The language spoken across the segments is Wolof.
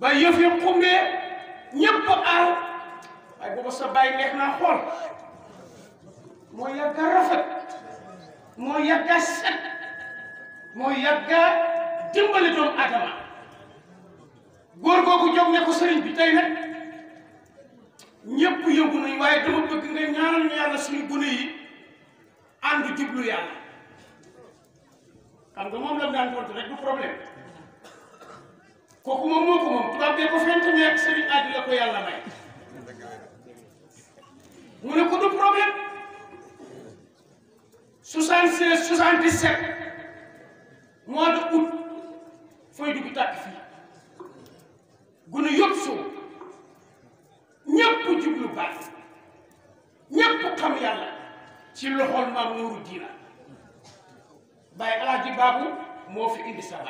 ba yëf yëpp xumbee ñëpp aar waaye booba sa bàyyi neex naa xool moo yàgga rafet moo yàgga set moo yàgga dimbali doomu aadama góor googu jóg ne ko sëriñ bi tey nag ñëpp yëngu nañ waaye dama bëgg nga ñaanal ñu yàlla suñu gune yi ànd jublu yàlla xam nga moom la daan wont rek du problème kooku moom moo ko moom tubaab bee ko fent mais ak sëriñ la ko yàlla may mu ne ko du problème 76 77 mois de août fooy dugg tàkk fii gunu yëpp soo ñëpp jublu baax ñëpp xam yàlla ci loxol maam nuuru diina bàyyi alaaji baabu moo fi indi sa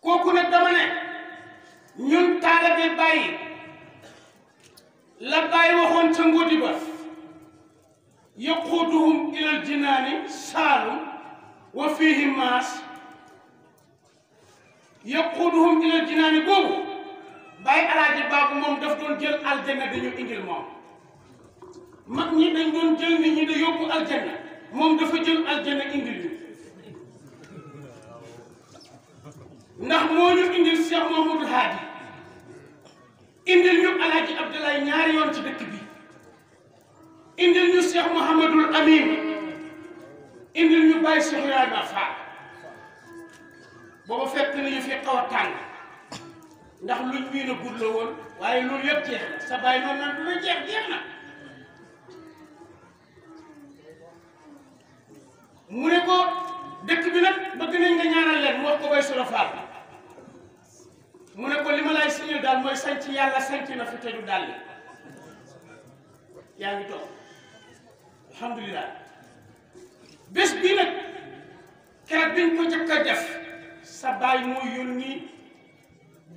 kooku nag dama ne ñun taalibe bàyyi la bàyyi waxoon ca ngóodi ba yaquuduhum ilal jinaani saalum wa fiihi maas yaquuduhum ilal jinaani boobu bàyyi alaaji baabu moom daf doon jël aljanna dañu indil moom mag ñi dañ doon jël nit ñi da yóbbu aljanna moom dafa jël aljanna indil ñu ndax moo ñu indil Cheikh Mouhamadou Hadi indil ñu El Hadj ñaari yoon ci dëkk bi indil ñu Cheikh Mouhamadul Amin indil ñu Baye Cheikh Ibrahima Fall booba fekk na ñu fi xaw a tàng ndax luñ miin a gudd la woon waaye loolu yëpp jeex na sa bàyyi noonu naan du la jeex jeex na mu ne ko dëkk bi nag bëgg nañ nga ñaanal leen mu wax ko Baye Sura Fall lan mooy sanc yàlla sanc na fi teju dàll yaa ngi toog alhamdulilah bés bii nag keroog bi ñu ko jëkk def sa baay moo yónni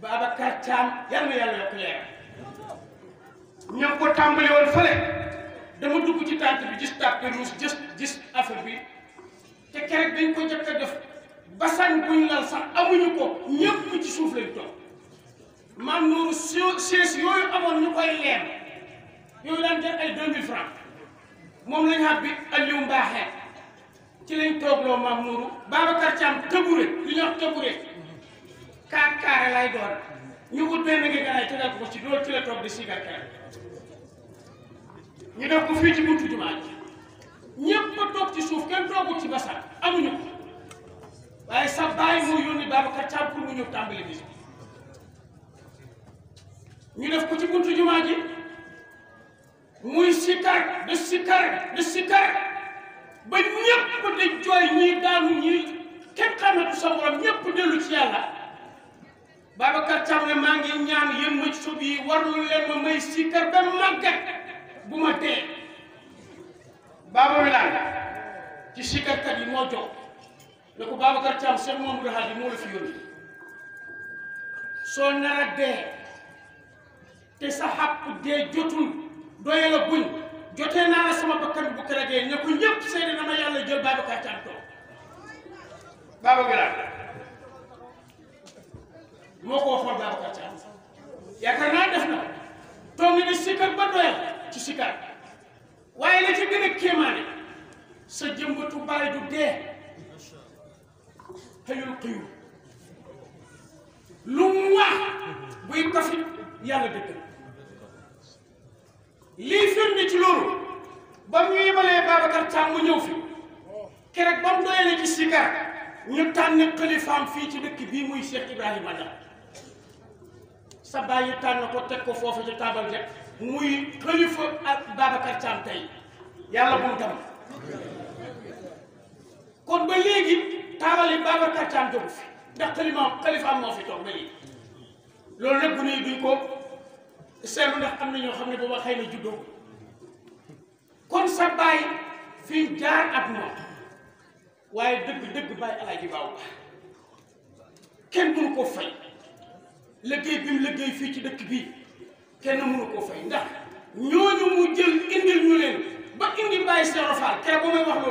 Babacar Thiam yal na yàlla yokk leer ña ko tàmbali woon fële dama dugg ci tànt bi gis tànt ruus gis gis affaire bi te keroog bi ñu ko jëkk def basan buñ lal sax amuñu ko ñëpp ci suuf lañ toog maam Nour chaise yooyu amoon ñu koy leer yooyu daan jar ay 2000 francs moom lañ xàbbi Aliou Mbaaxee ci lañ toogloo maam Nour Babacar Thiam tëbure li ñuy wax tëbure kaat kaare lay doon ñu ut benn nga ganaay tegal ko ci loolu ci la toog di sigar kere ñu def ko fii ci buntu jumaa ji ñëpp ba toog ci suuf kenn toogu ci basal amuñu ko waaye sa baay moo yónni Babacar Thiam pour mu ñëw tàmbali ñu def ci buntu jumaa ji muy sikar de sikar de sikar ba ñépp di jooy ñii daanu ñii kenn xamatu sa borom ñépp dellu ci yàlla Babacar Thiam ne maa ngi ñaan yéen ma ci sub yi warul leen ma may sikar ba màggat bu ma tee Baba Wilane ci sikarkat yi moo jox ne ko Babacar Thiam Cheikh Mamadou Hadi moo la fi yónni soo nar dee te sa xàpp dee jotul doye la buñ jotee naa la sama bakkan bu keragee ne ko ñëpp seede na ma yàlla jël Babacar Thiam toog Baba Birame moo ko waxoon naa def na toog ni sikkar ba doyal ci sikkar waaye la ci gën a kéemaane sa jëmbatu baay du dee xëyul xëyul lu mu buy kafit yàlla dëggal lii firnde ci loolu ba mu ñu yebalee Babacar mu ñëw fi keroog ba mu doyalee ci sikar ñu tànn xalifaam fii ci dëkk bii muy Cheikh Ibrahima Niass sa bàyyi tànn ko teg ko foofu ci taabal rek muy xalifa ak Babacar Thiam tey yàlla bu mu dem kon ba léegi taabal yi Babacar Thiam jógu fi ndax xalimaam xalifaam moo fi toog loolu nag bu ñuy duñ ko. seetlu ndax am na ñoo xam ne booba xay na juddoo kon sa bàyyi fi jaar ak moom waaye dëgg dëgg bàyyi alaaji baaw ba kenn mënu koo fay liggéey fii ci dëkk bii kenn mënu koo ndax mu jël indil ñu leen ba indi bàyyi sa rofaal keroog ba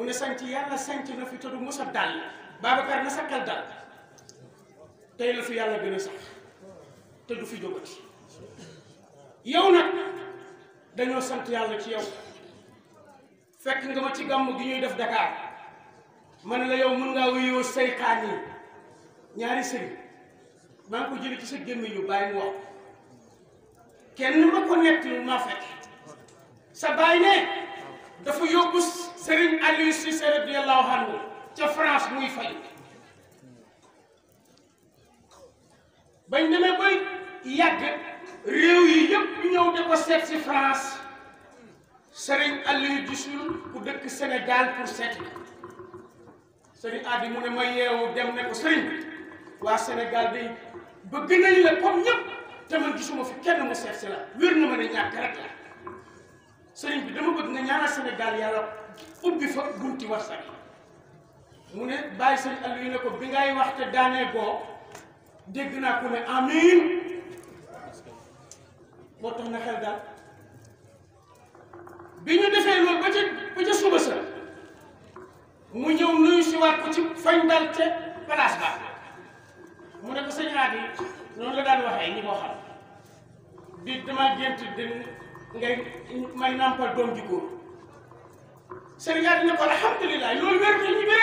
may wax yàlla sanc na fi te du mos a dal tey la fi yàlla gën a sax te du fi jógati yow nag dañoo sant yàlla ci yow fekk nga ma ci gàmm gi ñuy def Dakar ma ne la yow mën ngaa wuyoo saytaan ñaari sëriñ maa ngi ci sa gémmiñ yu bàyyi mu wax kenn ma ko nekk lu ma fekk sa bàyyi ne dafa yóbbu Serigne Aliou Cissé radiyallahu anhu ca France muy fay bañ demee bay yàgg réew yi yëpp ñëw di ko seet si France Serigne Aliou gisul ku dëkk Sénégal pour seet Serigne Adi mu ne ma yeewu dem ne ko Serigne waa Sénégal day bëgg nañ la comme ñëpp te man gisuma fi kenn mu seet si wér na ma ne ñàkk rek la Serigne bi dama bëgg nga ñaanal Sénégal yàlla ubbi fa bunti war sax mu ne bàyyi Serigne Aliou ne ko bi ngay wax te daanee goo dégg naa ku ne amiin moo tax na xel daal bi ñu defee loolu ba ca ba ca suba sa mu ñëw nuyu si waat ko ci fañ dal ca ba mu ne ko sëñ Hady la daan waxee ñi moo xam bi dama gént dañ ngay may nampal doom ji góor sëñ Hady ne ko alhamdulilah loolu wér na ñu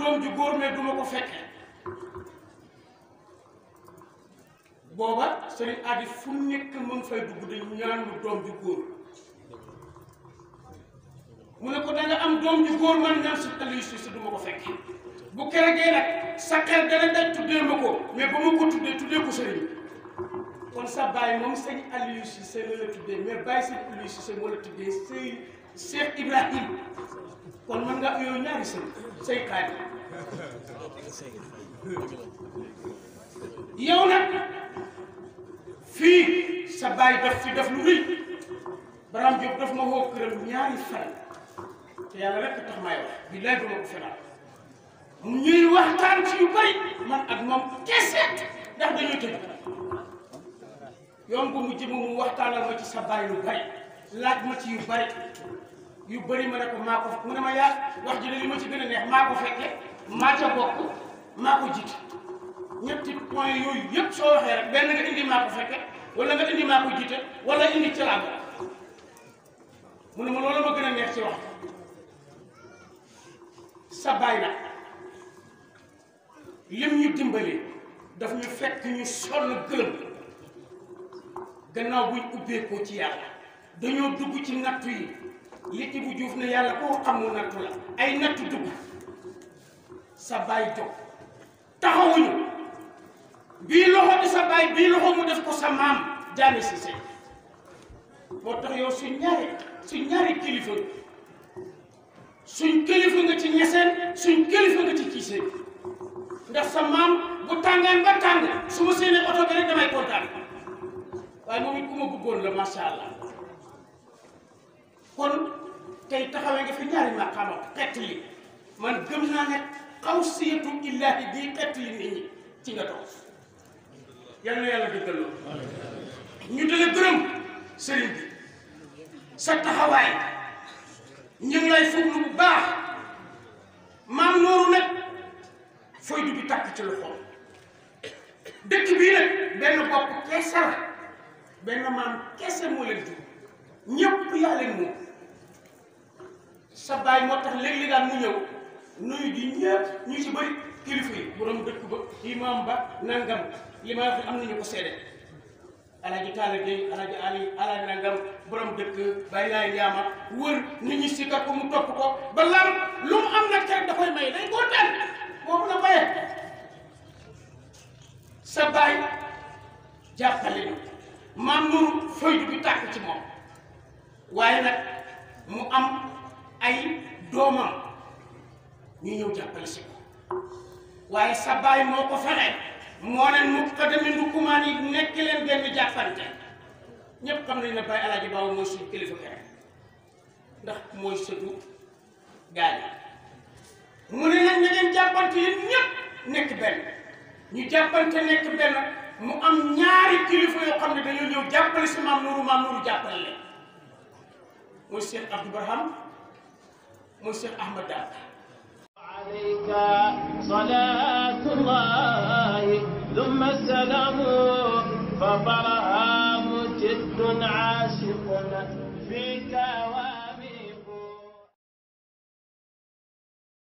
doom ju góor mais duma ko fekke booba sëriñ Adi fu nekk mu ngi fay dugg di ñaan lu doom ju góor mu ne ko da am doom ju góor man ñaan si Aliou Cissé duma ko fekke bu keregee nag sa xel dana daj tuddee ma ko mais ba ma ko tuddee tuddee ko sëriñ kon sa baay moom sëñ Aliou Cissé la la tuddee mais bàyyi sëñ Aliou moo la tuddee sëy Cheikh Ibrahim kon mën nga yow ñaari sëñ sëy xaaj yow nag fii sa daf fi def lu rëy baraam jóg daf ma woo këram ñaari fan te yàlla rekk tax may wax billaay duma ko mu ñuy waxtaan ci yu bari man ak moom kese ndax dañoo tëj yoon bu mu jëm mu waxtaanal ma ci sa baay lu ma ci yu bari yu bari ma ne ko maa ko ma yaa wax ji li ma ci gën a neex maa fekke maa ca bokk maa ko jiite ñetti point yooyu yëpp soo waxee rek benn nga indi maa ko fekke wala nga indi maa ci laa a neex ci wax sa baay la lim ñu dimbali daf ñu fekk ñu sonn gërëm gannaaw buñ ubbeekoo ci yàlla dañoo dugg ci nattu yi li bu juuf na yàlla koo xam mu nattu la ay nattu dugg sa baay jóg taxawuñu bii loxo di sa baay bii loxo mu def ko sa maam jaane si sey moo tax yow suñ ñaari suñ ñaari kilifa suñ kilifa nga ci ñeseen suñ kilifa nga ci kiiseen ndax sa maam bu tàngaan ba tàng su ma seenee oto bi rek damay kontaan waaye moom it ku ma bëggoon la macha allah kon tey taxawee nga fi ñaari maqaama xett li man gëm naa ne xawsiyatu illaahi bii xett yi nit ñi ci nga toog yal na yàlla dëggal loolu ñu dala gërëm sëriñ bi sa taxawaay ñu ngi lay fuglu bu baax maam nooru nag fooy du bi tàkk ci loxoom dëkk bii nag benn bopp keese benn maam keese moo leen jur ñépp yaa moom sa baay moo tax léeg li daal mu ñëw nuyu ji ñëpp ñu ci bëri kilifa yi borom dëkk ba imam ba nangam li ma wax am nañu ko seede alaaji Talla Gueye alaaji Ali alaaji nangam borom dëkk bàyyi laay yaama wër nit ñi si ko mu topp ko ba lan lu mu am nag rek da koy may day kontaan boobu la maye sa baay jàppale ñu maam noonu faydu bi tàkk ci moom waaye nag mu am ay doomam ñu ñëw jàppale si ko waaye sa baay moo ko fexe moo leen mu ko demee ndukkumaan yi nekk leen benn ne Baye Alaaji ne nag nekk benn ñu jàppante nekk benn mu am ñaari kilifa yoo xam ne dañoo ñëw jàppale si maam Nourou maam Nourou jàppale leen mooy Cheikh Abdou mooy Cheikh Ahmad Daab عليك صلاة الله ثم السلام فطرها